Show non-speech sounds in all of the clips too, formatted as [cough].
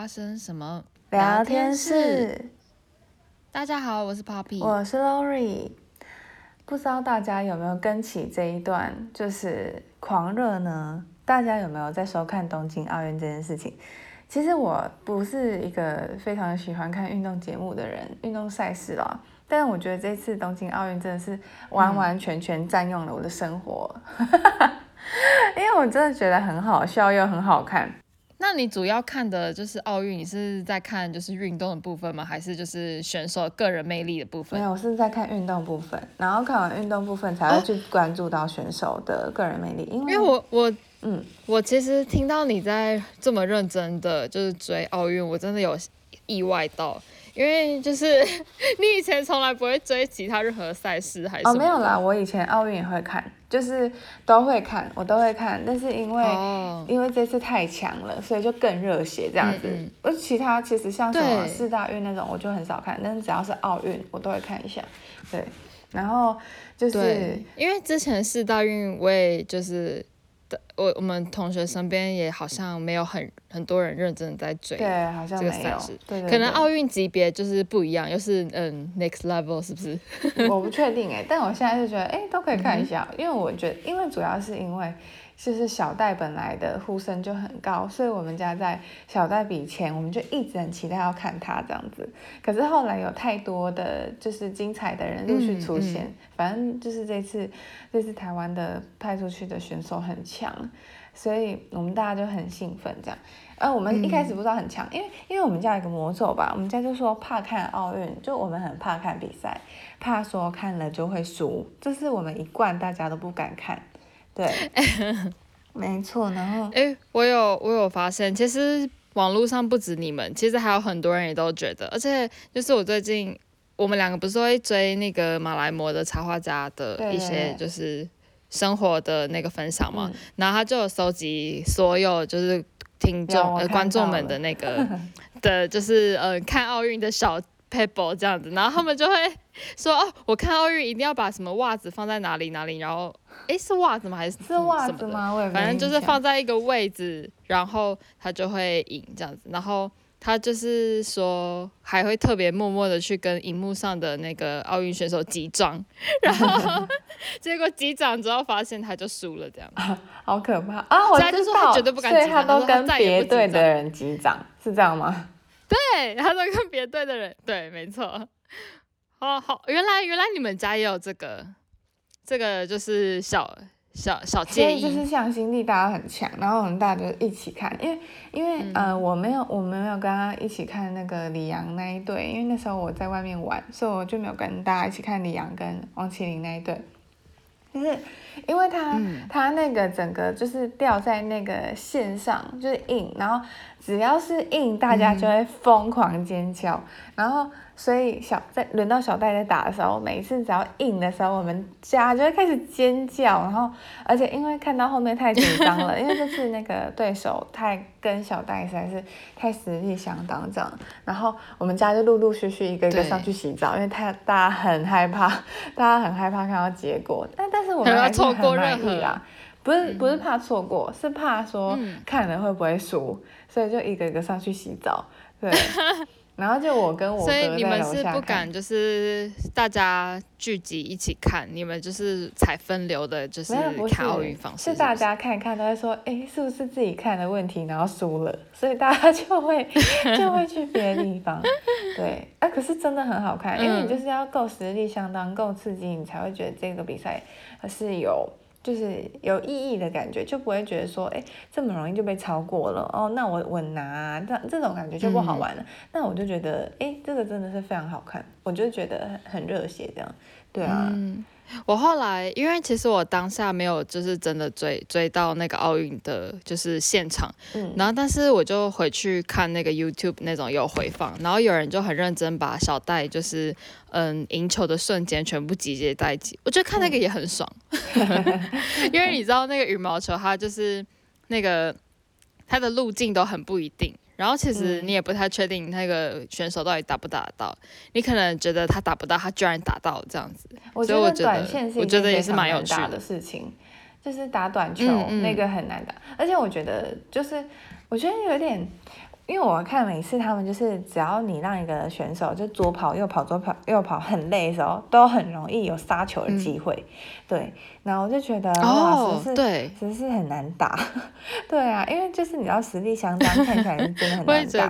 花生什麼聊天室？聊天室大家好，我是 Poppy，我是 Lori。不知道大家有沒有跟起這一段，就是狂熱呢？大家有沒有在收看東京奧運這件事情？其實我不是一個非常喜歡看運動節目的人，運動賽事啊。但我覺得這次東京奧運真的是完完全全佔用了我的生活，嗯、 [laughs] 因為我真的覺得很好笑又很好看。那你主要看的就是奧運，你是在看就是運動的部分嗎？還是就是選手個人魅力的部分？沒有，我是在看運動部分，然後看完運動部分才會去關注到選手的個人魅力。啊、因為我我嗯，我其實聽到你在這麼認真的就是追奧運，我真的有。意外到，因為就是你以前從來不會追其他任何賽事還是哦、oh, 沒有啦，我以前奧運也會看，就是都會看，我都會看，但是因為、oh. 因為這次太強了，所以就更熱血這樣子。而、嗯嗯、其他其實像什麼對四大運那種，我就很少看，但是只要是奧運，我都會看一下。對，然後就是因為之前四大運我也就是。我我們同學身邊也好像沒有很很多人認真的在追，對，好像沒有，可能奧運級別就是不一樣，又、就是嗯，Next Level 是不是？我不確定誒、欸， [laughs] 但我現在就覺得誒、欸、都可以看一下，嗯、哼因為我覺得，因為主要是因為。就是小戴本來的呼聲就很高，所以我們家在小戴比前，我們就一直很期待要看他這樣子。可是後來有太多的就是精彩的人陸續出現，嗯嗯、反正就是這次，這次台灣的派出去的選手很強，所以我們大家就很興奮這樣。呃，我們一開始不知道很強，嗯、因為因為我們家有一個魔咒吧，我們家就說怕看奧運，就我們很怕看比賽，怕說看了就會輸，這是我們一貫大家都不敢看。對，欸、沒錯，然後，哎、欸，我有我有發現，其實網絡上不止你們，其實還有很多人也都覺得，而且就是我最近，我們兩個不是會追那個馬來魔的插畫家的一些，就是生活的那個分享嘛，對對對，然後他就有收集所有就是聽眾、呃、觀眾們的那個 [laughs] 的，就是呃看奧運的小 paper 這樣子，然後他們就會說哦，我看奧運一定要把什麼襪子放在哪裡哪裡，然後誒、欸，是襪子嗎還是什麼，什麼的？是襪子嗎？反正就是放在一個位置，然後他就會贏這樣子，然後他就是說還會特別默默的去跟熒幕上的那個奧運選手擊掌，然後 [laughs] 結果擊掌之後發現他就輸了這樣，啊，好可怕啊！我他就說他絕對不敢，所以他都跟別隊的人擊掌是這樣嗎？對，然後跟別隊的人，對，沒錯。哦，好，原來原來你們家也有這個，這個就是小小小建議，就是向心力大家很強，然後我們大家就一起看，因為因為、嗯、呃，我沒有，我們沒有跟他一起看那個李洋那一隊，因為那時候我在外面玩，所以我就沒有跟大家一起看李洋跟王齊麟那一隊。就是因為它，它、嗯、那個整個就是掉在那個線上，就是 in，然後只要是 in，大家就會瘋狂尖叫，嗯、然後。所以小在輪到小戴在打的時候，每一次只要硬的時候，我們家就會開始尖叫。然後，而且因為看到後面太緊張了， [laughs] 因為這次那個對手太跟小戴實在是太實力相當這樣。然後我們家就陸陸續續一個一個上去洗澡，對因為他大家很害怕，大家很害怕看到結果。但但是我們還是很賣力啊，不是不是怕錯過，是怕說看了會不會輸，嗯、所以就一個一個上去洗澡。對。 [laughs] 然後就我跟我哥看，所以你們是不敢，就是大家聚集一起看，你們就是才分流的，就是看奧運方式是是，是大家看一看都會說，哎、欸，是不是自己看的問題，然後輸了，所以大家就會就會去別的地方， [laughs] 對，啊，可是真的很好看，因為你就是要夠實力相當，夠刺激，你才會覺得這個比賽它是有。就是有意義的感覺，就不會覺得說，哎、欸，這麼容易就被超過了哦，那我穩拿，啊，這這種感覺就不好玩了。嗯、那我就覺得，哎、欸，這個真的是非常好看，我就覺得很很熱血這樣，對啊。嗯我後來，因為其實我當下沒有，就是真的追追到那個奧運的，就是現場。嗯。然後，但是我就回去看那個 YouTube 那種有回放，然後有人就很認真把小戴就是嗯贏球的瞬間全部集結在一起，我覺得看那個也很爽。嗯、 [laughs] 因為你知道那個羽毛球，它就是那個它的路徑都很不一定。然後其實你也不太確定那個選手到底打不打到，你可能覺得他打不到，他居然打到這樣子，所以我覺得我覺得也是蠻有趣的事情，就是打短球那個很難打，而且我覺得就是我覺得有點。因為我看每次他們就是只要你讓一個選手就左跑右跑左跑右跑很累的時候，都很容易有殺球的機會，嗯、對。然後我就覺得、哦、哇，是不是,對是不是很難打， [laughs] 對啊，因為就是你要實力相當， [laughs] 看起來真的很難打，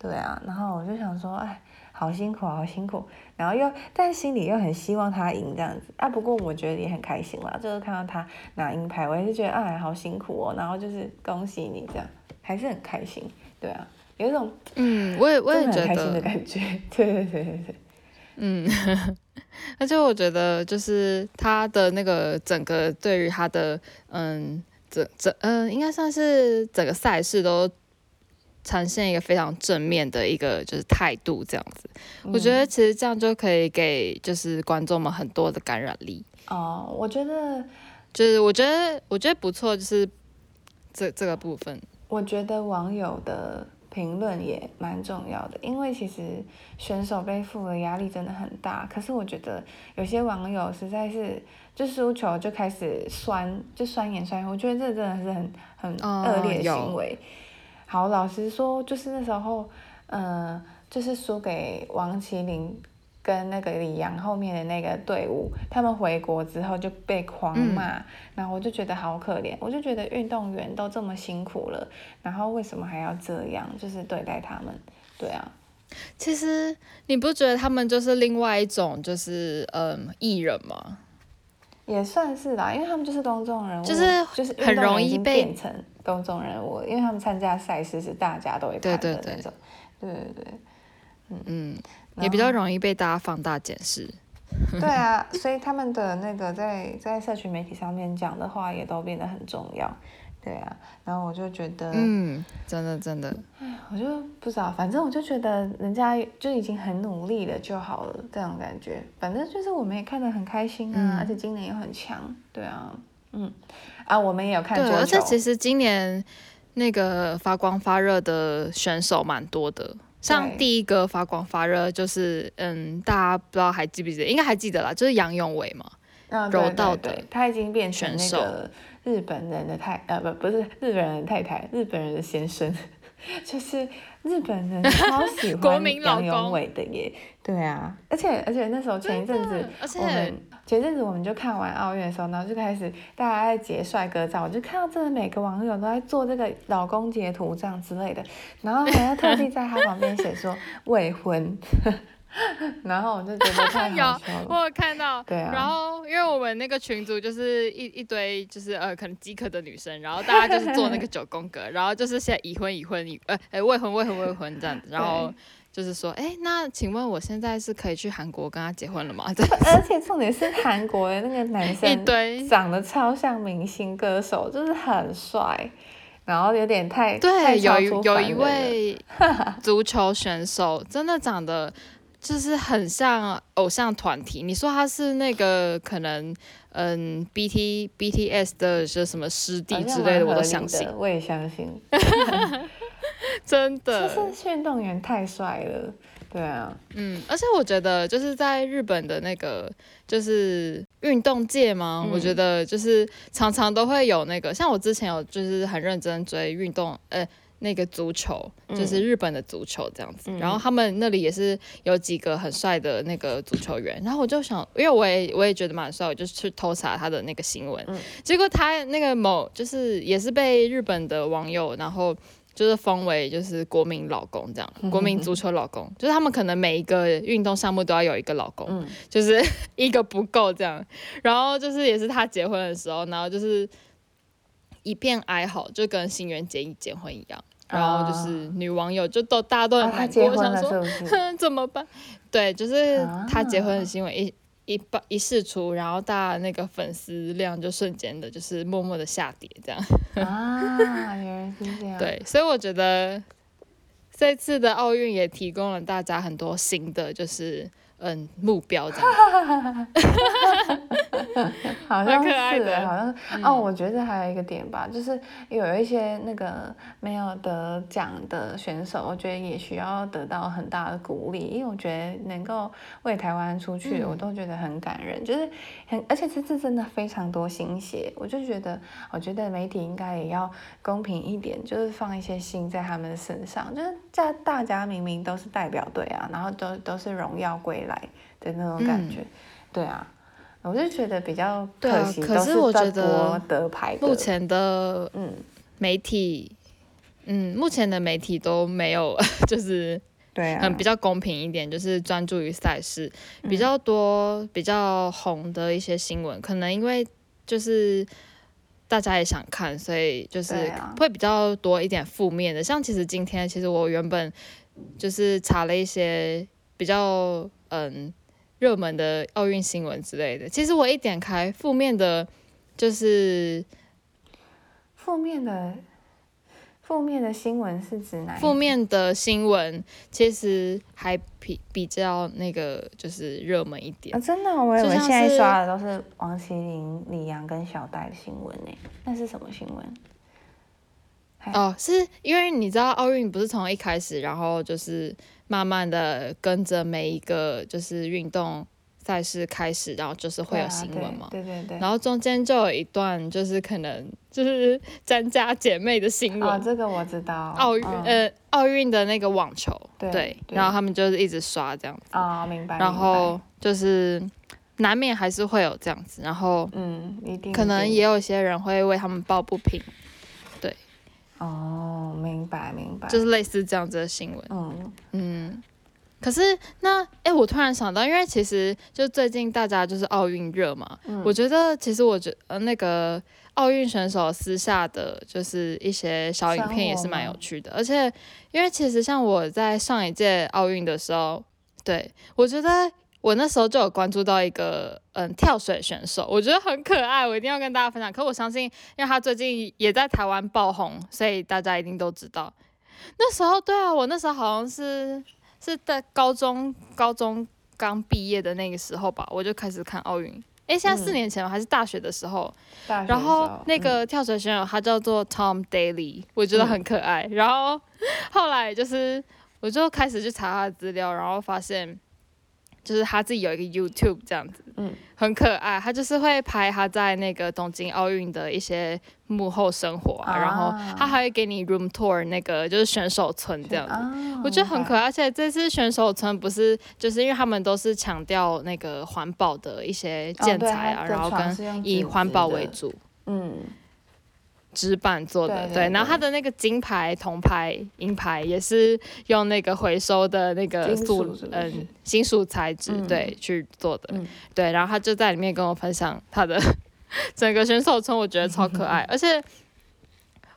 對啊。然後我就想說，哎，好辛苦，好辛苦。然後又但心裡又很希望他贏這樣子啊。不過我覺得也很開心啦，就是看到他拿銀牌，我也是覺得哎，好辛苦哦、喔。然後就是恭喜你這樣，還是很開心，對啊。有一種嗯，我也我也覺得開心的感覺，對對對對對、嗯，嗯，而且我覺得就是他的那個整個對於他的嗯整整嗯應該算是整個賽事都呈現一個非常正面的一個就是態度這樣子，嗯、我覺得其實這樣就可以給就是觀眾們很多的感染力哦，我覺得就是我覺得我覺得不錯，就是這這個部分，我覺得網友的。評論也蠻重要的，因為其實選手背負的壓力真的很大。可是我覺得有些網友實在是，就輸球就開始酸，就酸言酸語，我覺得這真的是很很惡劣的行為。嗯、好，老實說，就是那時候，嗯、呃，就是輸給王齊麟跟那個李洋後面的那個隊伍，他們回國之後就被狂罵，嗯、然後我就覺得好可憐。我就覺得運動員都這麼辛苦了，然後為什麼還要這樣，就是對待他們？對啊，其實你不覺得他們就是另外一種，就是嗯，藝人嗎？也算是啦、啊，因為他們就是公眾人物，就是就是很容易被變成公眾人物，因為他們參加賽事是大家都會看的那種，對對對，對對對，嗯嗯。也比較容易被大家放大檢視。對啊，所以他們的那個在在社群媒體上面講的話也都變得很重要。對啊，然後我就覺得，嗯，真的真的。我就不知道，反正我就覺得人家就已經很努力了就好了，這種感覺。反正就是我們也看得很開心啊，嗯、而且今年也很強。對啊，嗯，啊，我們也有看選手。對，而且其實今年那個發光發熱的選手蠻多的。像第一個發光發熱就是，對嗯，大家不知道還記不記得？應該還記得啦，就是楊勇緯嘛，柔、啊、道的對對對，他已經變選手。那個日本人的太呃不，不是日本人的太太，日本人的先生，就是日本人超喜歡楊勇緯的耶。 [laughs] 國民老公對啊，而且而且那時候前一陣子，我們而且前陣子我們就看完奧運的時候呢，然後就開始大家在截帥哥照，我就看到真的每個網友都在做這個老公截圖這樣之類的，然後還要特地在他旁邊寫說未婚。 [laughs] [laughs] 然後我就覺得有，我有看到。對啊。然後因為我們那個群組就是一一堆就是呃可能飢渴的女生，然後大家就是做那個九宮格， [laughs] 然後就是現在已婚已婚已呃呃未婚未婚未婚，未婚這樣子，然後。就是說，哎、欸，那請問我現在是可以去韓國跟他結婚了嗎？對，而且重點是韓國的、欸、 [laughs] 那個男生長得超像明星歌手，欸、對就是很帥，然後有點太對，太有有一位足球選手真的長得就是很像偶像團體。 [laughs] 你說他是那個可能嗯，B T B T S 的什麼師弟之類的，的我都相信，我也相信。 [laughs] [laughs] 真的，就是運動員太帥了，對啊，嗯，而且我覺得就是在日本的那個就是運動界嘛，嗯、我覺得就是常常都會有那個像我之前有就是很認真追運動，呃、欸，那個足球，嗯、就是日本的足球這樣子，嗯、然後他們那裡也是有幾個很帥的那個足球員，然後我就想，因為我也我也覺得蠻帥，我就是去偷查他的那個新聞，嗯、結果他那個某就是也是被日本的網友然後。就是封為就是國民老公這樣，國民足球老公，嗯、哼哼就是他們可能每一個運動項目都要有一個老公，嗯、就是一個不夠這樣。然後就是也是他結婚的時候，然後就是一片哀嚎，就跟新垣結衣結婚一樣，然後就是女網友就都大家都要、啊、我想說哼怎麼辦？對，就是他結婚的新聞一。啊一一試出，然後大家那個粉絲量就瞬間的，就是默默的下跌，這樣啊，原來 [laughs] 是這樣。對，所以我覺得這次的奧運也提供了大家很多新的，就是。嗯，目標 [laughs] 好像是、欸，的好像哦。啊嗯、我覺得還有一個點吧，就是有一些那個沒有得獎的選手，我覺得也需要得到很大的鼓勵，因為我覺得能夠為台灣出去，嗯、我都覺得很感人，就是很，而且這次真的非常多心血，我就覺得，我覺得媒體應該也要公平一點，就是放一些心在他們身上，就是。這大家明明都是代表隊啊，然後都都是榮耀歸來的那種感覺，嗯、對啊，我就覺得比較可惜，可是我覺得目前的嗯媒體，嗯目前的媒體都沒有就是對啊、嗯、比較公平一點，就是專注於賽事比較多比較紅的一些新聞，可能因為就是。大家也想看，所以就是會比較多一點負面的。像其實今天，其實我原本就是查了一些比較嗯熱門的奧運新聞之類的。其實我一點開負面的，就是負面的，欸。負面的新聞是指哪？負面的新聞其實還比比較那個就是熱門一點啊、哦！真的、哦，我們現在刷的都是王齊麟、李洋跟小戴的新聞哎、欸，那是什麼新聞？哦，是因為你知道奧運不是從一開始，然後就是慢慢的跟着每一個就是運動。賽事開始，然後就是會有新聞嘛、啊，對對對，然後中間就有一段就是可能就是詹家姐妹的新聞、啊、這個我知道，奧運、嗯、呃奧運的那個網球，對，對然後他們就是一直刷這樣子啊、哦，明白，明白，然後就是難免還是會有這樣子，然後嗯，一定，可能也有些人會為他們抱不平，對，哦，明白明白，就是類似這樣子的新聞，嗯嗯。嗯可是那誒，欸、我突然想到，因為其實就最近大家就是奧運熱嘛，嗯、我覺得其實我覺呃那個奧運選手私下的就是一些小影片，也是蠻有趣的，而且因為其實像我在上一屆奧運的時候，對，我覺得我那時候就有關注到一個嗯跳水選手，我覺得很可愛，我一定要跟大家分享。可我相信，因為他最近也在台灣爆紅，所以大家一定都知道。那時候對啊，我那時候好像是。是在高中，高中剛畢業的那個時候吧，我就開始看奧運。哎，現在四年前，嗯、還是大學的時候，時候，然後那個跳水選手、嗯、他叫做 Tom Daley，我覺得很可愛。嗯、然後後來就是我就開始去查他的資料，然後發現。就是他自己有一個 YouTube 這樣子，嗯、很可愛。他就是會拍他在那個東京奧運的一些幕後生活、啊，啊、然後他還會給你 Room Tour 那個就是選手村這樣子，啊、我覺得很可愛。好而且這次選手村不是，就是因為他們都是強調那個環保的一些建材啊，哦、然後跟以環保為主，嗯。紙板做的，對，對，對,對。然後他的那個金牌、銅牌、銀牌也是用那個回收的那個素，金屬是不是嗯，金屬材質、嗯、對去做的。嗯、對，然後他就在裡面跟我分享他的整個選手村，我覺得超可愛。嗯、哼而且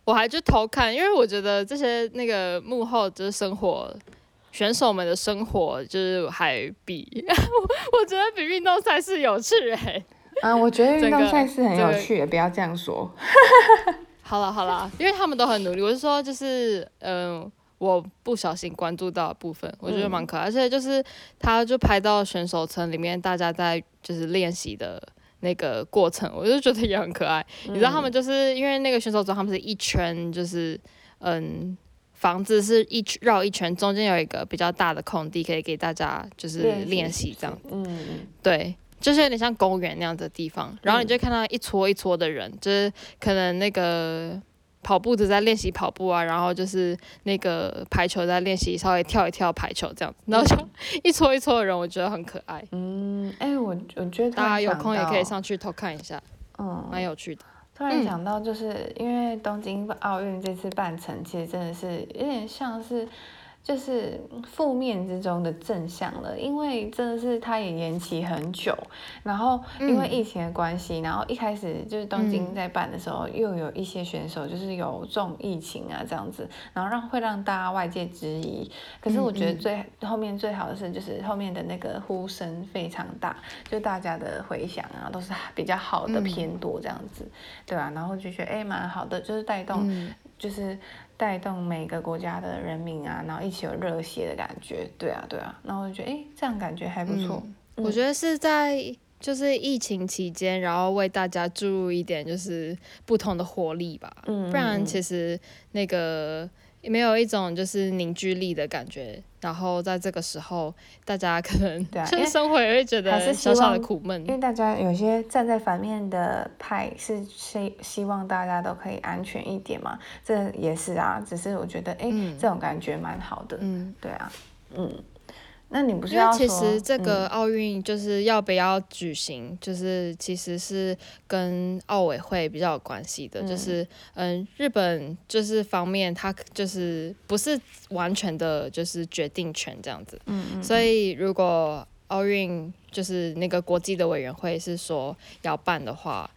我還去偷看，因為我覺得這些那個幕後就是生活選手們的生活，就是還比我，我覺得比運動賽事有趣哎、欸。啊，我覺得運動賽事很有趣，不要這樣說。 [laughs] 好了好了，因為他們都很努力，我是說，就是，嗯、呃，我不小心關注到的部分，我覺得蠻可愛，嗯、而且就是他就拍到選手村裡面大家在就是練習的那個過程，我就覺得也很可愛。嗯、你知道他們就是因為那個選手村，他們是一圈，就是，嗯，房子是一圈繞一圈，中間有一個比較大的空地，可以給大家就是練習這樣子。嗯，對。就是有點像公園那樣的地方，然後你就看到一撮一撮的人，嗯、就是可能那個跑步的在練習跑步啊，然後就是那個排球在練習稍微跳一跳排球這樣子，然後就一撮一撮的人，我覺得很可愛。嗯，哎、欸，我我覺得大家有空也可以上去偷看一下，嗯，蠻有趣的。突然想到，就是因為東京奧運這次辦成，其實真的是有點像是。就是負面之中的正向了，因為真的是它也延期很久，然後因為疫情的關係，嗯、然後一開始就是東京在辦的時候，嗯、又有一些選手就是有重疫情啊這樣子，然後讓會讓大家外界質疑，可是我覺得最嗯嗯後面最好的是，就是後面的那個呼聲非常大，就大家的回響啊都是比較好的偏多這樣子，嗯、對吧、啊？然後就覺得哎蠻、欸、好的，就是帶動就是。嗯帶動每個國家的人民啊，然後一起有熱血的感覺，對啊，對啊，然後我就覺得，誒、欸，這樣感覺還不錯，嗯。我覺得是在就是疫情期間，然後為大家注入一點就是不同的活力吧，嗯嗯嗯，不然其實那個。沒有一種就是凝聚力的感覺，然後在這個時候，大家可能對啊，因為生活也會覺得小小的苦悶，因為大家有些站在反面的派是希希望大家都可以安全一點嘛，這也是啊，只是我覺得哎，欸嗯、這種感覺蠻好的，嗯，對啊，嗯。那你不是因為其實這個奧運就是要不要舉行，就是其實是跟奧委會比較有關係的，就是嗯，日本就是方面，他就是不是完全的就是決定權這樣子。嗯，所以如果奧運就是那個國際的委員會是說要辦的話，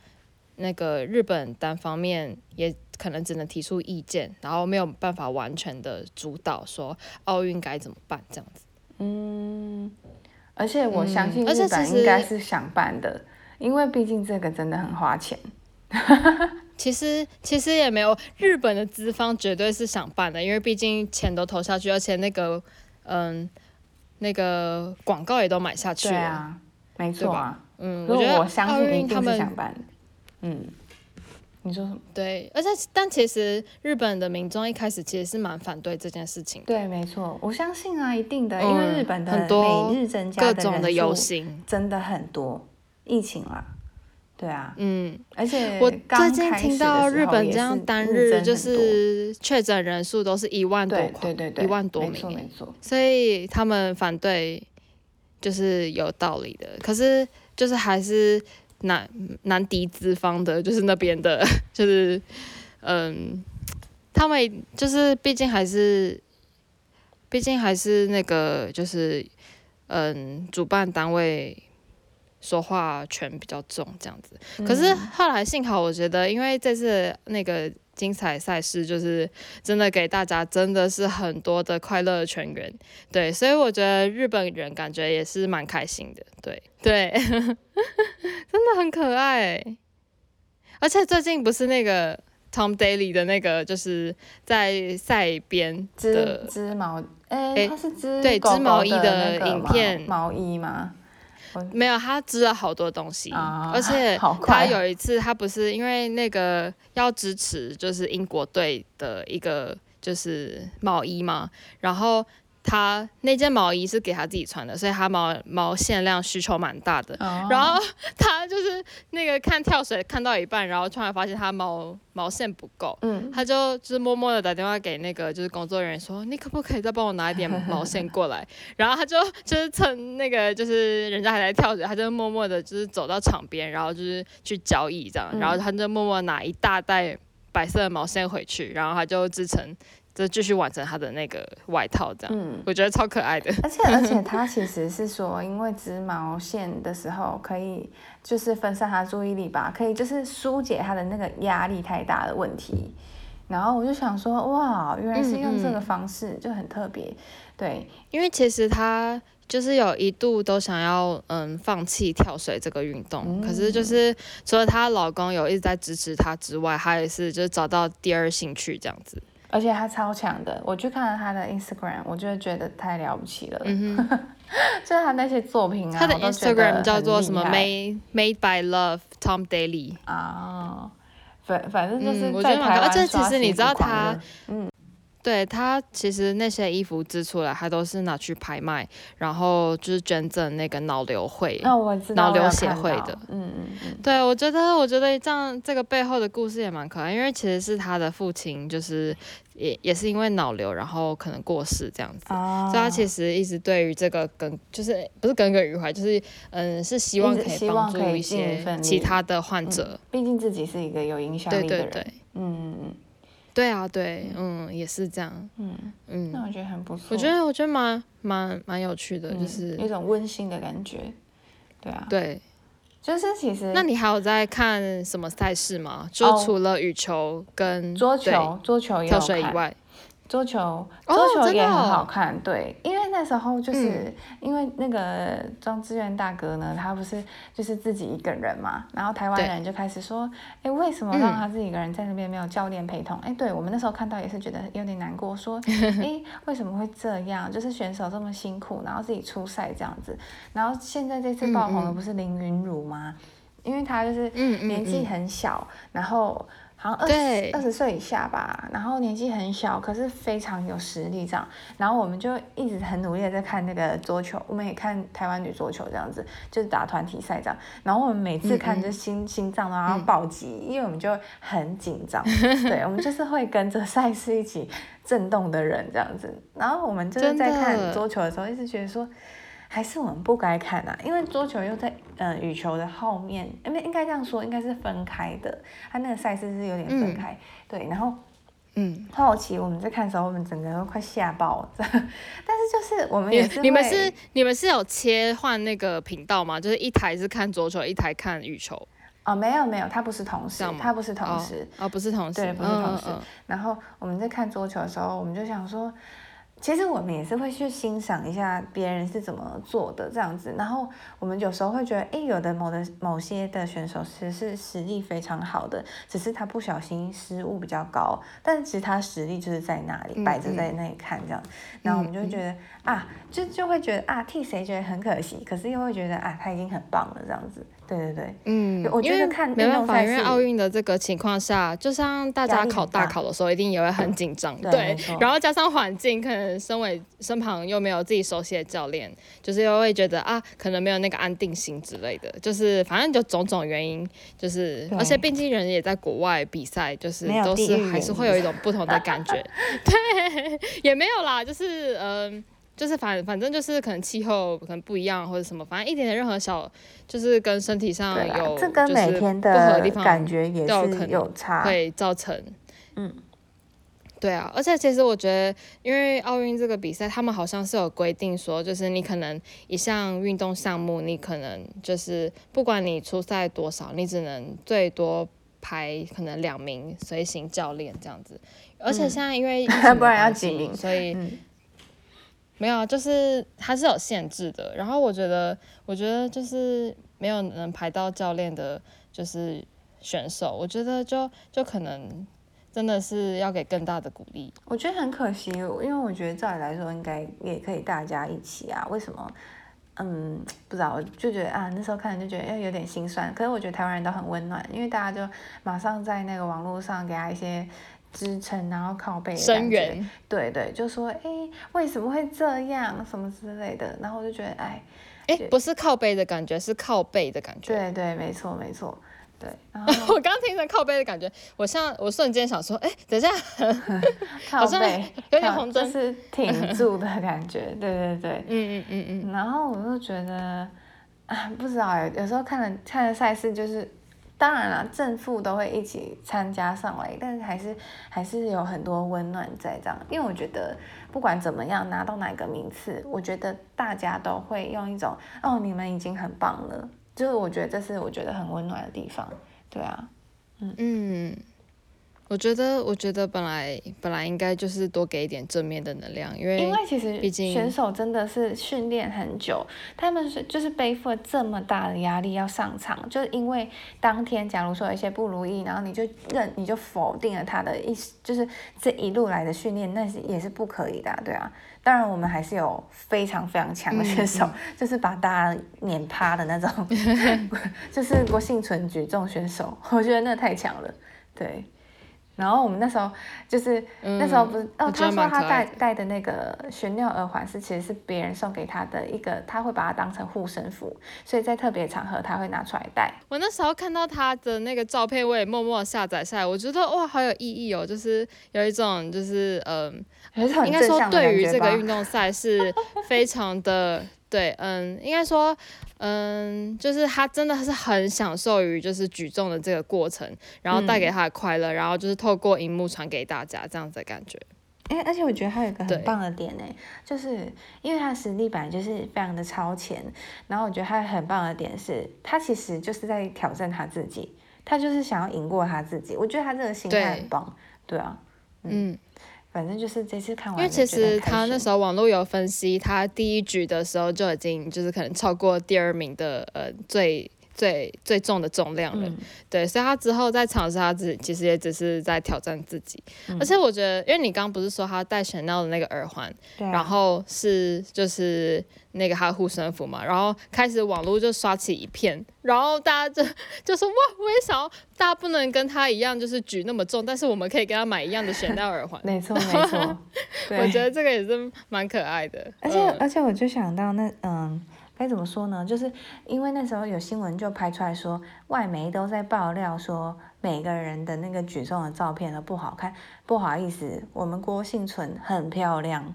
那個日本單方面也可能只能提出意見，然後沒有辦法完全的主導說奧運該怎麼辦這樣子。嗯，而且我相信日本應該是想辦的，嗯、因為畢竟這個真的很花錢。 [laughs] 其實其實也沒有，日本的資方絕對是想辦的，因為畢竟錢都投下去，而且那個嗯那個廣告也都買下去，對啊，沒錯、啊，嗯，我覺得我相信他們。想嗯。你說什麼？對，而且但其實日本的民眾一開始其實是蠻反對這件事情的。對，沒錯，我相信啊，一定的，嗯、因為日本的很多，各種的遊行，真的很多，疫情啊，對啊，嗯，而且我最近聽到日本這樣單日就是確診人數都是一萬多，對，對對對，一萬多名，沒錯沒錯，所以他們反對就是有道理的，可是就是還是。難，難敵資方的，就是那邊的，就是，嗯，他們就是，畢竟還是，畢竟還是那個，就是，嗯，主辦單位說話權比較重這樣子。嗯、可是後來，幸好我覺得，因為這次那個精彩賽事，就是真的給大家真的是很多的快樂泉源，對，所以我覺得日本人感覺也是蠻開心的，對對。 [laughs] 真的很可愛、欸，而且最近不是那個 Tom Daley 的那個，就是在賽邊織織毛，誒、欸，欸、是織對織毛衣的影片毛，毛衣嗎？沒有，他織了好多東西，uh, 而且他有一次他不是因為那個要支持，就是英國隊的一個就是毛衣嘛，然後。他那件毛衣是給他自己穿的，所以他毛毛線量需求蠻大的。Oh. 然後他就是那個看跳水看到一半，然後突然發現他毛毛線不夠，嗯、他就就是默默的打電話給那個就是工作人員說， [noise] 你可不可以再幫我拿一點毛線過來？ [laughs] 然後他就就是趁那個就是人家還在跳水，他就默默的就是走到場邊，然後就是去交易這樣，嗯、然後他就默默拿一大袋白色的毛線回去，然後他就織成。就繼續完成他的那個外套這樣，嗯、我覺得超可愛的。而且而且， [laughs] 而且他其實是說，因為織毛線的時候可以就是分散他注意力吧，可以就是紓解他的那個壓力太大的問題。然後我就想說，哇，原來是用這個方式，就很特別。嗯嗯、對，因為其實她就是有一度都想要嗯放棄跳水這個運動，嗯、可是就是除了她老公有一直在支持她之外，她也是就是找到第二興趣這樣子。而且他超強的，我去看了他的 Instagram，我就覺,覺得太了不起了。嗯哼， [laughs] 就他那些作品啊，他的 Instagram 叫做什麼？Made [music] Made by Love Tom Daley。啊、哦，反反正就是、嗯、我覺得蠻可愛。而、啊、且、就是、其實你知道他，嗯，對他其實那些衣服織出來，他都是拿去拍賣，然後就是捐贈那個腦瘤會。那我知道，腦瘤協會的。嗯嗯。對，我覺得我覺得這樣這個背後的故事也蠻可愛，因為其實是他的父親就是。也也是因為腦瘤，然後可能過世這樣子，oh. 所以他其實一直對於這個梗就是不是耿耿於懷，就是，是跟跟、就是、嗯是希望可以幫助一些其他的患者，畢、嗯、竟自己是一個有影響力的人，對對對嗯，對啊，對，嗯，嗯，也是這樣，嗯嗯，嗯那我覺得很不錯，我覺得我覺得蠻蠻蠻有趣的，就是一、嗯、種溫馨的感覺，對啊，對。就是其實，那你還有在看什麼賽事嗎？Oh, 就除了羽球跟桌球，對桌球，跳水以外。桌球，桌球也很好看，oh, 哦、對，因為那時候就是、嗯、因為那個莊智淵大哥呢，他不是就是自己一個人嘛，然後台灣人就開始說，哎對、欸，為什麼讓他自己一個人在那邊沒有教練陪同？哎、嗯欸，對我們那時候看到也是覺得有點難過，說，哎、欸，為什麼會這樣？就是選手這麼辛苦，然後自己出賽這樣子，然後現在這次爆紅的不是林昀儒嗎？嗯嗯因為他就是年紀很小，嗯嗯嗯然後。然後二十二十歲以下吧，然後年紀很小，可是非常有實力這樣。然後我們就一直很努力的在看那個桌球，我們也看台灣女桌球這樣子，就是打團體賽這樣。然後我們每次看就心嗯嗯心臟都要暴擊，嗯、因為我們就很緊張。嗯、對，我們就是會跟着賽事一起震動的人這樣子。然後我們就是在看桌球的時候，一直覺得說。還是我們不該看啊，因為桌球又在嗯、呃、羽球的後面，應該應該這樣說，應該是分開的。它那個賽事是有點分開，嗯、對。然後，嗯，好奇我們在看的時候，我們整個人都快嚇爆了呵呵。但是就是我們也是你，你們是你們是有切換那個頻道嗎？就是一台是看桌球，一台看羽球？哦，沒有沒有，它不是同時，它不是同時，哦，不是同時，嗯、對不是同時。嗯嗯、然後我們在看桌球的時候，我們就想說。其實我們也是會去欣賞一下別人是怎麼做的這樣子，然後我們有時候會覺得，誒，有的某的某些的選手其實是實力非常好的，只是他不小心失誤比較高，但其實他實力就是在那裡嗯嗯，擺着在那裡看這樣，然後我們就覺得嗯嗯啊，就就會覺得啊，替誰覺得很可惜，可是又會覺得啊，他已經很棒了這樣子。對對對，嗯，我覺得看因為沒辦法，因為奧運的這個情況下，就像大家考大考的時候，一定也會很緊張，對。對錯然後加上環境，可能身為身旁又沒有自己熟悉的教練，就是又會覺得啊，可能沒有那個安定心之類的，就是反正就種種原因，就是對而且畢竟人也在國外比賽，就是都是還是會有一種不同的感覺， [laughs] 對，也沒有啦，就是嗯。呃就是反反正就是可能氣候可能不一樣或者什麼，反正一點點任何小就是跟身體上有這跟每天的感覺也是有差，會造成嗯，對啊，而且其實我覺得，因為奧運這個比賽，他們好像是有規定說，就是你可能一項運動項目，你可能就是不管你出賽多少，你只能最多排可能兩名隨行教練這樣子。而且現在因為不然要緊所以。沒有，就是他是有限制的。然後我覺得，我覺得就是沒有能排到教練的，就是選手。我覺得就就可能真的是要給更大的鼓勵。我覺得很可惜，因為我覺得照理來說應該也可以大家一起啊。為什麼？嗯，不知道，我就覺得啊，那時候看就覺得有點心酸。可是我覺得台灣人都很溫暖，因為大家就馬上在那個網絡上給他一些。支撐，然後靠背的感覺，聲援對對，就說哎，為什麼會這樣，什麼之類的，然後我就覺得哎，哎，誒就不是靠背的感覺，是靠背的感覺，對對，沒錯沒錯，對。然後 [laughs] 我剛聽成靠背的感覺，我像我瞬間想說，哎，等一下 [laughs] [laughs] 靠背好像有點紅就是挺住的感覺， [laughs] 對，對對對，嗯嗯嗯嗯，嗯嗯然後我就覺得啊，不知道，有時候看了看了賽事就是。當然啦，正負都會一起參加上來，但是還是還是有很多溫暖在這樣。因為我覺得不管怎麼樣拿到哪個名次，我覺得大家都會用一種哦，你們已經很棒了，就是我覺得這是我覺得很溫暖的地方，對啊，嗯。嗯我覺得，我覺得本來本來應該就是多給一點正面的能量，因為因為其實選手真的是訓練很久，他們是就是背負了這麼大的壓力要上場，就是因為當天假如說有一些不如意，然後你就認你就否定了他的意思，就是這一路來的訓練，那是也是不可以的、啊，對啊。當然我們還是有非常非常強的選手，嗯、就是把大家碾趴的那種， [laughs] 就是郭婞淳舉重選手，我覺得那太強了，對。然後我們那時候就是、嗯、那時候不是哦，他說他戴戴的那個玄鳥耳環是其實是別人送給他的一個，他會把它當成護身符，所以在特別場合他會拿出來戴。我那時候看到他的那個照片，我也默默下載下來，我覺得哇，好有意義哦，就是有一種就是嗯，是應該說對於這個運動賽是非常的 [laughs] 對，嗯，應該說。嗯，就是他真的是很享受於就是舉重的這個過程，然後帶給他的快樂，嗯、然後就是透過熒幕傳給大家這樣子的感覺。哎、欸、而且我覺得他有一個很棒的點呢、欸，對就是因為他的實力本來就是非常的超前，然後我覺得他有很棒的點是他其實就是在挑戰他自己，他就是想要贏過他自己。我覺得他這個心態很棒，對，對啊，嗯。嗯反正就是這次看完，因為其實他那時候網絡有分析，他第一局的時候就已經就是可能超過第二名的呃最最最重的重量了，嗯、對，所以他之後在嘗試他自己，其實也只是在挑戰自己。嗯、而且我覺得，因為你剛不是說他戴 Chanel 的那個耳環，啊、然後是就是那個他護身符嘛，然後開始網絡就刷起一片，然後大家就就說哇，我也想要。大家不能跟他一樣就是舉那麼重？但是我們可以給他買一樣的 Chanel 耳環，沒錯沒錯。 [laughs] 對我覺得這個也是蠻可愛的。而且、嗯、而且我就想到那嗯。該怎麼說呢？就是因為那時候有新聞就拍出來說，外媒都在爆料說每個人的那個舉重的照片都不好看。不好意思，我們郭婞淳很漂亮，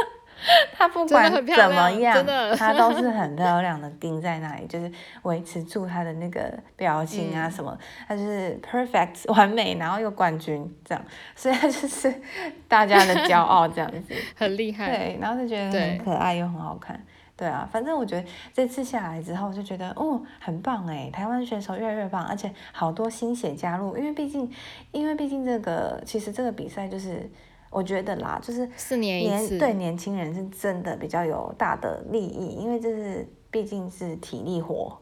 [laughs] 他不管真的怎麼樣，真的他都是很漂亮的，盯在那裡 [laughs] 就是維持住他的那個表情啊什麼，嗯、他就是 perfect 完，完美，然後又冠軍這樣，所以他就是大家的驕傲 [laughs] 這樣子，很厲害。對，然後就覺得很可愛對又很好看。對啊，反正我覺得這次下來之後，就覺得哦，很棒哎，台灣選手越來越棒，而且好多新血加入，因為畢竟，因為畢竟這個其實這個比賽就是，我覺得啦，就是四年，年一次，對年輕人是真的比較有大的利益，因為這是畢竟是體力活。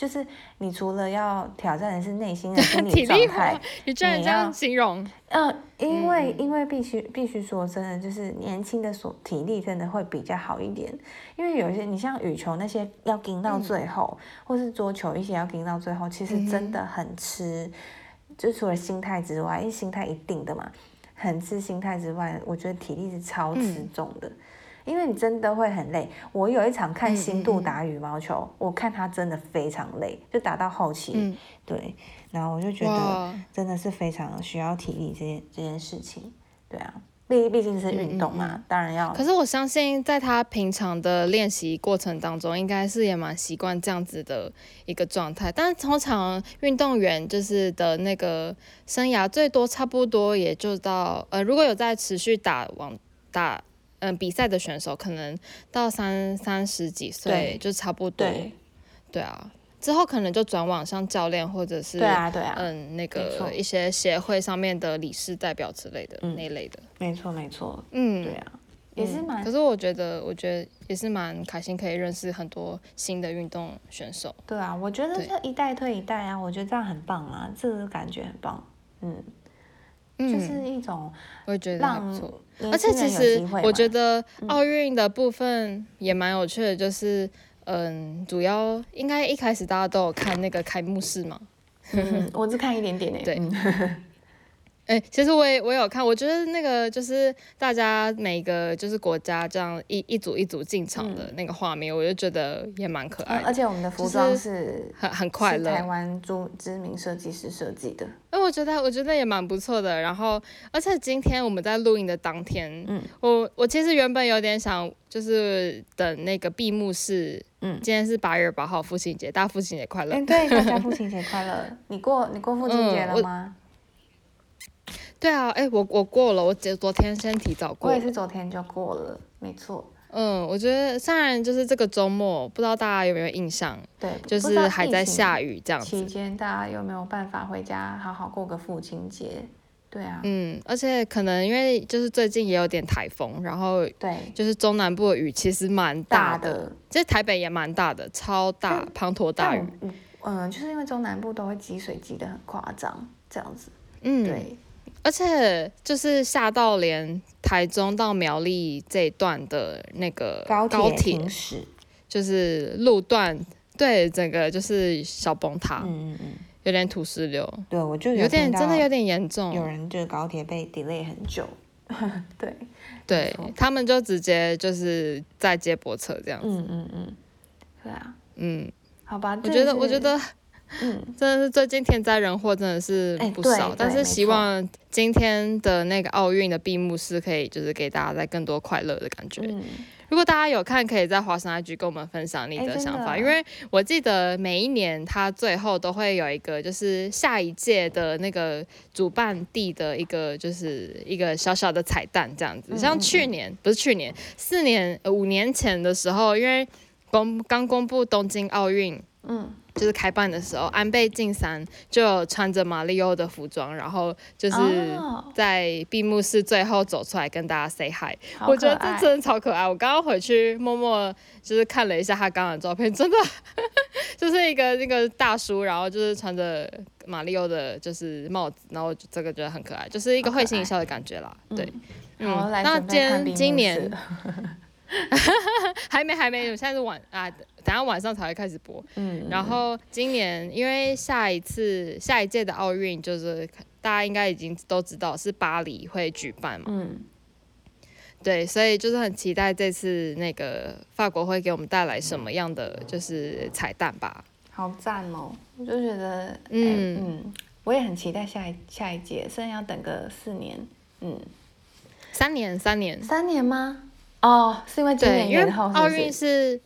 就是你除了要挑戰的是內心的心理狀態， [laughs] 的你居然這樣形容，嗯、呃，因為、嗯、因為必須必須說真的，就是年輕的所體力真的會比較好一點，因為有些、嗯、你像羽球那些要盯到最後，嗯、或是桌球一些要盯到最後，其實真的很吃，嗯、就除了心態之外，因為心態一定的嘛，很吃心態之外，我覺得體力是超吃重的。嗯因為你真的會很累。我有一場看辛度打羽毛球，嗯嗯嗯，我看他真的非常累，就打到後期。嗯、對。然後我就覺得真的是非常需要體力這件這件事情。對啊，畢畢竟是運動嘛，嗯嗯嗯當然要。可是我相信，在他平常的練習過程當中，應該是也蠻習慣這樣子的一個狀態。但是通常運動員就是的那個生涯最多差不多也就到呃，如果有在持續打往打。嗯，比賽的選手可能到三三十幾歲對就差不多，對，對啊，之後可能就轉往像教練或者是，對啊對啊，嗯，那個一些協會上面的理事代表之類的、嗯、那類的，沒錯沒錯，嗯，對啊，也是蠻，嗯，可是我覺得我覺得也是蠻開心，可以認識很多新的運動選手。對啊，我覺得這一代推一代啊，對我覺得這樣很棒啊，這個感覺很棒，嗯，嗯就是一種我也覺得不錯。而且其實我覺得奧運的部分也蠻有趣的，就是，嗯，主要應該一開始大家都有看那個開幕式嘛。嗯，我只看一點點誒。對。哎、欸，其實我也我也有看，我覺得那個就是大家每個就是國家這樣一一組一組進場的那個畫面，嗯、我就覺得也蠻可愛的、嗯。而且我們的服裝是，是很很快樂，台灣著知名設計師設計的。哎、欸，我覺得我覺得也蠻不錯的。然後，而且今天我們在錄影的當天，嗯，我我其實原本有點想就是等那個閉幕式。嗯，今天是八月八號父親節，大家父親節快樂、欸！對，大家父親節快樂！ [laughs] 你過你過父親節了嗎？嗯對啊，哎、欸，我我過了，我姐昨天先提早過了。我也是昨天就過了，沒錯。嗯，我覺得當然就是這個周末，不知道大家有沒有印象？對，就是還在下雨這樣子。期間大家又沒有辦法回家，好好過個父親節。對啊。嗯，而且可能因為就是最近也有點颱風，然後對，就是中南部的雨其實蠻大的，其實的台北也蠻大的，超大滂沱但大雨。嗯、呃，就是因為中南部都會積水積得很誇張，這樣子。嗯。對。而且就是下到連台中到苗栗這一段的那個高鐵，就是路段，對，整個就是小崩塌，嗯嗯，有點土石流，對，我就有點真的有點嚴重，有人就高鐵被 delay 很久，對，對，他們就直接就是在接駁車這樣子，嗯嗯嗯，對啊，嗯，好吧，我覺得我覺得。嗯，真的是最近天災人禍真的是不少，欸、但是希望今天的那個奧運的閉幕式可以就是給大家帶來更多快樂的感覺。嗯、如果大家有看，可以在花生 IG 跟我們分享你的想法，欸、因為我記得每一年他最後都會有一個就是下一屆的那個主辦地的一個就是一個小小的彩蛋這樣子，嗯、像去年不是去年四年五年前的時候，因為公剛公布東京奧運。嗯，就是開辦的時候，安倍晉三就穿着馬里奧的服裝，然後就是在閉幕式最後走出來跟大家 say hi，我覺得這真的超可愛。我剛剛回去默默就是看了一下他剛剛的照片，真的就是一個那個大叔，然後就是穿着馬里奧的就是帽子，然後這個覺得很可愛，就是一個會心一笑的感覺啦。對，嗯，那今天今年 [laughs] 還沒還沒，我現在是晚啊。等下晚上才會開始播，嗯，然後今年因為下一次下一屆的奧運就是大家應該已經都知道是巴黎會舉辦嘛，嗯，對，所以就是很期待這次那個法國會給我們帶來什麼樣的就是彩蛋吧。好讚哦，我就覺得，嗯，欸，嗯，我也很期待下一下一屆，雖然要等個四年，嗯，三年三年三年嗎？哦，是因為今年，是不是？對，因為奧運是。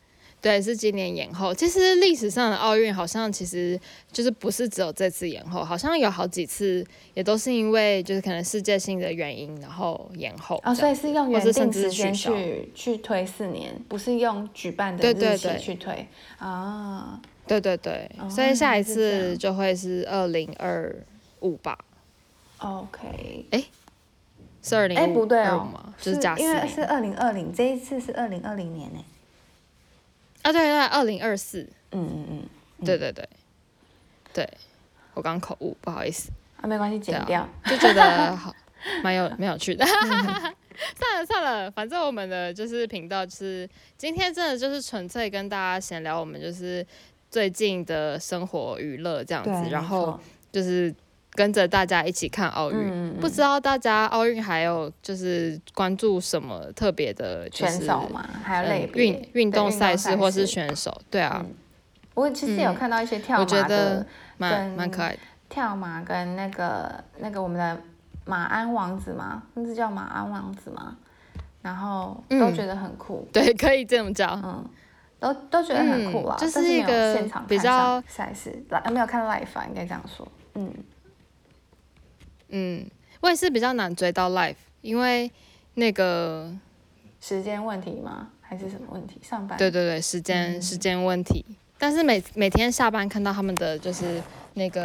對，是今年延後。其實歷史上的奧運好像其實就是不是只有這次延後，好像有好幾次也都是因為就是可能世界性的原因，然後延後。啊、哦，所以是用原定時間去去,去推四年，不是用舉辦的日期去推啊。對對對，所以下一次就會是二零二五吧。OK、哦。哎、嗯，是二零哎不對哦，就是,加是因為是二零二零，這一次是二零二零年哎、欸。啊對對，二零二四，嗯嗯嗯，對對對，嗯、對我剛口誤，不好意思，啊沒關係，剪掉、啊、就覺得 [laughs] 好蠻有蠻 [laughs] 有趣的， [laughs] 算了算了，反正我們的就是頻道就是今天真的就是純粹跟大家閒聊，我們就是最近的生活娛樂這樣子，對然後就是。跟着大家一起看奧運，嗯、不知道大家奧運還有就是關注什麼特別的選、就是、手嗎？還有類別運運、嗯、動賽事或是選手？對，嗯、對啊，我其實有看到一些跳馬的，蠻蠻可愛的跳馬跟那個那個我們的馬鞍王子嘛，那是叫馬鞍王子嘛，然後都覺得很酷，嗯、對，可以這麼叫，嗯，都都覺得很酷啊、嗯。就是一個比較賽事，來較、啊、沒有看 life、啊、應該這樣說，嗯。嗯，我也是比較難追到 Live，因為那個時間問題嗎？還是什麼問題？上班？對對對，時間、嗯、時間問題。但是每每天下班看到他們的就是那個，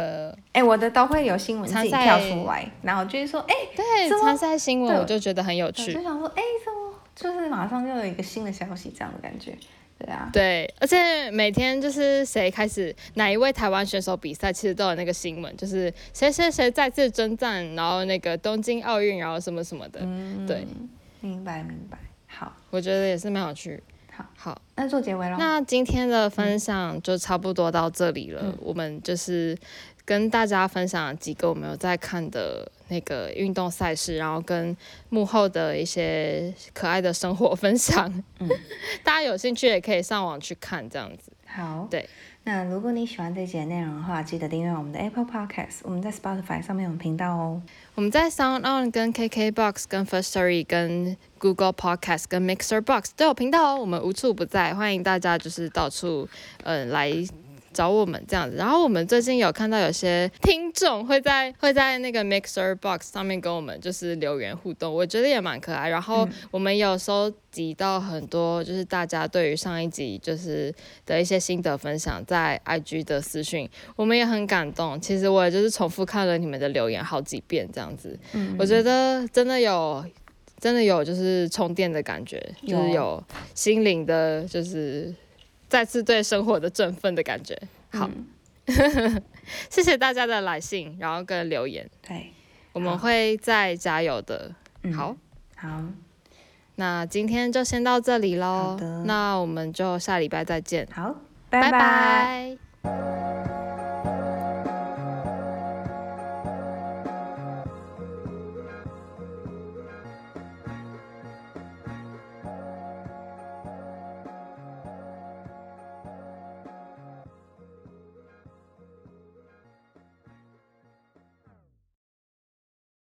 哎、欸，我的都會有新聞跳出來，參賽然後就是說，哎、欸，對，參賽什麼新聞，我就覺得很有趣，我就想說，哎、欸，怎麼就是馬上又有一個新的消息這樣的感覺。對啊，對，而且每天就是誰開始哪一位台灣選手比賽，其實都有那個新聞，就是誰誰誰再次征戰，然後那個東京奧運，然後什麼什麼的，對，明白明白，好，我覺得也是蠻有趣，好好，好，那做結尾了，那今天的分享就差不多到這裡了，嗯、我們就是。跟大家分享幾個我們有在看的那個運動賽事，然後跟幕後的一些可愛的生活分享。嗯，大家有興趣也可以上網去看這樣子。好，對。那如果你喜歡這集內容的話，記得訂閱我們的 Apple Podcast，我們在 Spotify 上面有頻道哦。我們在 Sound On、跟 KK Box、跟 Firstory、跟 Google Podcast、跟 Mixer Box 都有頻道哦。我們無處不在，歡迎大家就是到處嗯來，找我們這樣子，然後我們最近有看到有些聽眾會在會在那個 Mixer Box 上面跟我們就是留言互動，我覺得也蠻可愛。然後我們有收集到很多就是大家對於上一集就是的一些心得分享在 IG 的私訊，我們也很感動。其實我也就是重複看了你們的留言好幾遍這樣子，嗯、我覺得真的有真的有就是充電的感覺，有就是有心靈的，就是。再次對生活的振奮的感覺，好，嗯、 [laughs] 謝謝大家的來信，然後跟留言，對，我們會再加油的，嗯、好，好，那今天就先到這裡嘍，的那我們就下禮拜再見，好，bye bye 拜拜。